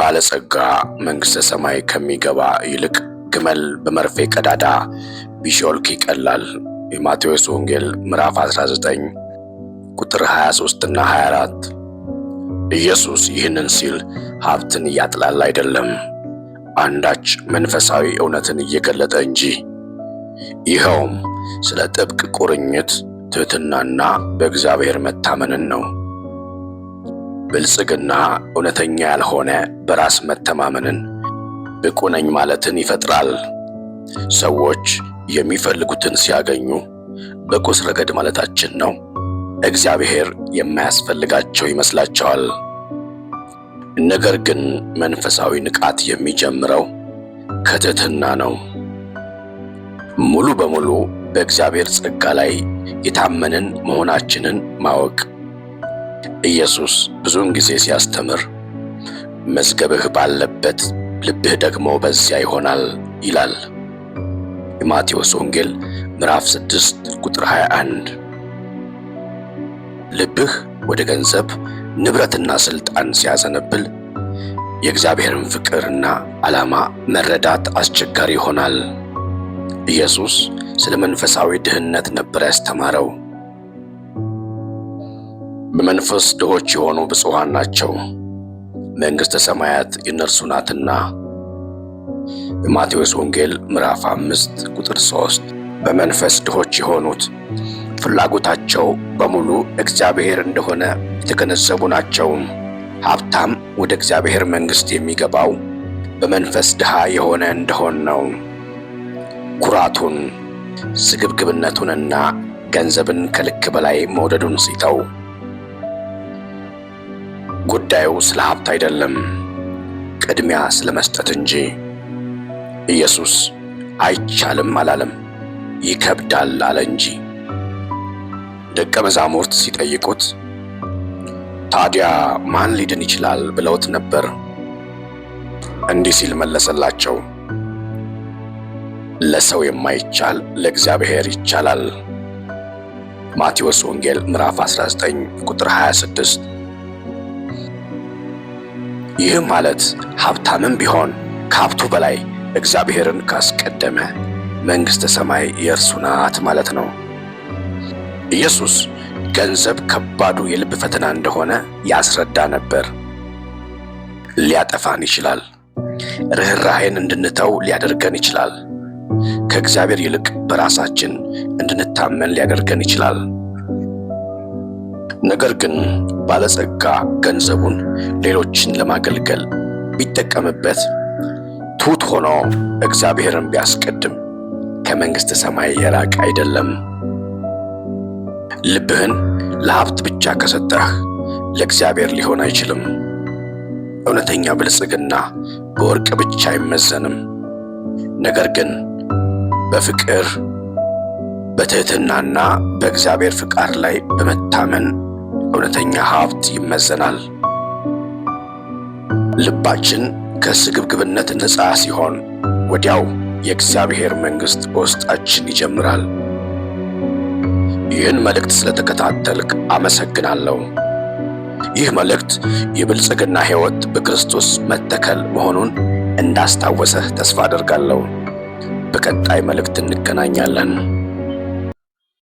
ባለጸጋ መንግሥተ ሰማይ ከሚገባ ይልቅ ግመል በመርፌ ቀዳዳ ቢሾልክ ይቀላል። የማቴዎስ ወንጌል ምዕራፍ 19 ቁጥር 23 እና 24። ኢየሱስ ይህንን ሲል ሀብትን እያጥላል አይደለም፣ አንዳች መንፈሳዊ እውነትን እየገለጠ እንጂ። ይኸውም ስለ ጥብቅ ቁርኝት ትሕትናና በእግዚአብሔር መታመንን ነው። ብልጽግና እውነተኛ ያልሆነ በራስ መተማመንን ብቁ ነኝ ማለትን ይፈጥራል። ሰዎች የሚፈልጉትን ሲያገኙ በቁስ ረገድ ማለታችን ነው፣ እግዚአብሔር የማያስፈልጋቸው ይመስላቸዋል። ነገር ግን መንፈሳዊ ንቃት የሚጀምረው ከትህትና ነው። ሙሉ በሙሉ በእግዚአብሔር ጸጋ ላይ የታመንን መሆናችንን ማወቅ ኢየሱስ ብዙውን ጊዜ ሲያስተምር መዝገብህ ባለበት ልብህ ደግሞ በዚያ ይሆናል ይላል። የማቴዎስ ወንጌል ምዕራፍ 6 ቁጥር 21። ልብህ ወደ ገንዘብ ንብረትና ስልጣን ሲያዘነብል የእግዚአብሔርን ፍቅርና ዓላማ መረዳት አስቸጋሪ ይሆናል። ኢየሱስ ስለ መንፈሳዊ ድህነት ነበር ያስተማረው። በመንፈስ ድሆች የሆኑ ብፁዓን ናቸው፣ መንግሥተ ሰማያት የእነርሱ ናትና። በማቴዎስ ወንጌል ምዕራፍ 5 ቁጥር 3። በመንፈስ ድሆች የሆኑት ፍላጎታቸው በሙሉ እግዚአብሔር እንደሆነ የተገነዘቡ ናቸው። ሀብታም ወደ እግዚአብሔር መንግሥት የሚገባው በመንፈስ ድሃ የሆነ እንደሆን ነው። ኩራቱን፣ ስግብግብነቱንና ገንዘብን ከልክ በላይ መውደዱን ሲተው ጉዳዩ ስለ ሀብት አይደለም፣ ቅድሚያ ስለ መስጠት እንጂ። ኢየሱስ አይቻልም አላለም፣ ይከብዳል አለ እንጂ። ደቀ መዛሙርት ሲጠይቁት ታዲያ ማን ሊድን ይችላል ብለውት ነበር። እንዲህ ሲል መለሰላቸው፣ ለሰው የማይቻል ለእግዚአብሔር ይቻላል። ማቴዎስ ወንጌል ምዕራፍ 19 ቁጥር 26 ይህም ማለት ሀብታምም ቢሆን ከሀብቱ በላይ እግዚአብሔርን ካስቀደመ መንግሥተ ሰማይ የእርሱ ናት ማለት ነው። ኢየሱስ ገንዘብ ከባዱ የልብ ፈተና እንደሆነ ያስረዳ ነበር። ሊያጠፋን ይችላል። ርኅራኄን እንድንተው ሊያደርገን ይችላል። ከእግዚአብሔር ይልቅ በራሳችን እንድንታመን ሊያደርገን ይችላል። ነገር ግን ባለጸጋ ገንዘቡን ሌሎችን ለማገልገል ቢጠቀምበት ትሑት ሆኖ እግዚአብሔርን ቢያስቀድም ከመንግሥተ ሰማይ የራቀ አይደለም። ልብህን ለሀብት ብቻ ከሰጠህ ለእግዚአብሔር ሊሆን አይችልም። እውነተኛ ብልጽግና በወርቅ ብቻ አይመዘንም። ነገር ግን በፍቅር በትሕትናና በእግዚአብሔር ፍቃድ ላይ በመታመን እውነተኛ ሀብት ይመዘናል። ልባችን ከስግብግብነት ነፃ ሲሆን ወዲያው የእግዚአብሔር መንግሥት በውስጣችን ይጀምራል። ይህን መልእክት ስለተከታተልክ አመሰግናለሁ። ይህ መልእክት የብልጽግና ሕይወት በክርስቶስ መተከል መሆኑን እንዳስታወሰህ ተስፋ አደርጋለሁ። በቀጣይ መልእክት እንገናኛለን።